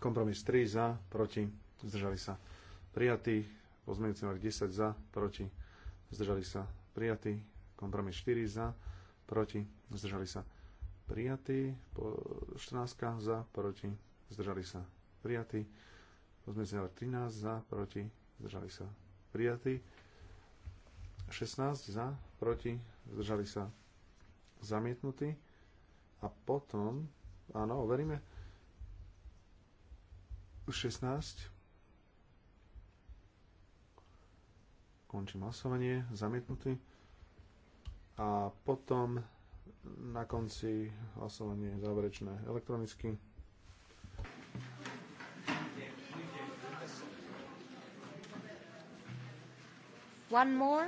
Kompromis 3 za, proti, zdržali sa prijatý. Pozmeňujúci návrh 10 za, proti, zdržali sa prijatý. Kompromis 4 za, proti, zdržali sa prijatý. 14 za, proti, zdržali sa prijatý. Pozmeňujúci návrh 13 za, proti, zdržali sa prijatý. 16 za, proti, zdržali sa zamietnutí. A potom Áno, overíme. 16. Končím hlasovanie. Zamietnutý. A potom na konci hlasovanie záverečné elektronicky. One more?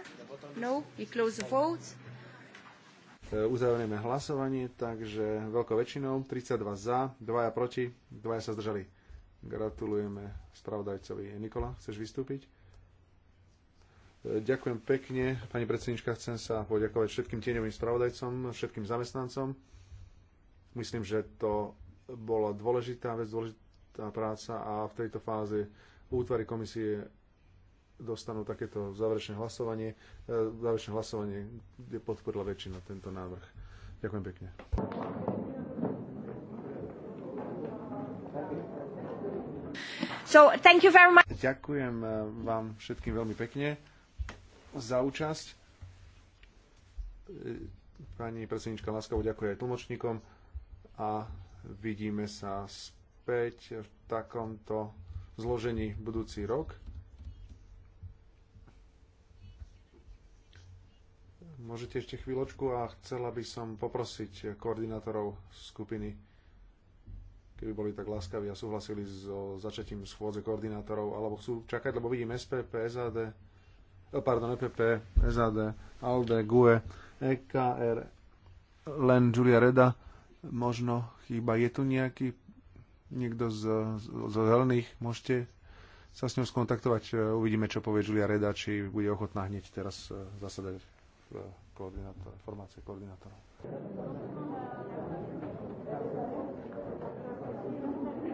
No, we close the vote. E, uzavrieme hlasovanie, takže veľkou väčšinou 32 za, 2 proti, 2 sa zdržali. Gratulujeme spravodajcovi. Nikola, chceš vystúpiť? E, ďakujem pekne. Pani predsednička, chcem sa poďakovať všetkým tieňovým spravodajcom, všetkým zamestnancom. Myslím, že to bola dôležitá vec, dôležitá práca a v tejto fáze útvary komisie dostanú takéto záverečné hlasovanie. E, záverečné hlasovanie, kde podporila väčšina tento návrh. Ďakujem pekne. So, thank you very much. Ďakujem e, vám všetkým veľmi pekne za účasť. E, pani predsednička Láskavo ďakuje aj tlmočníkom a vidíme sa späť v takomto zložení budúci rok. Môžete ešte chvíľočku a chcela by som poprosiť koordinátorov skupiny, keby boli tak láskaví a súhlasili so začatím schôdze koordinátorov, alebo chcú čakať, lebo vidím SPP, SAD, eh, pardon, EPP, SAD, ALDE, GUE, EKR, len Julia Reda, možno chýba. Je tu nejaký, niekto z, z, z zelených, môžete sa s ňou skontaktovať. Eh, uvidíme, čo povie Julia Reda, či bude ochotná hneď teraz eh, zasadať koordinátor, formácie koordinátorov.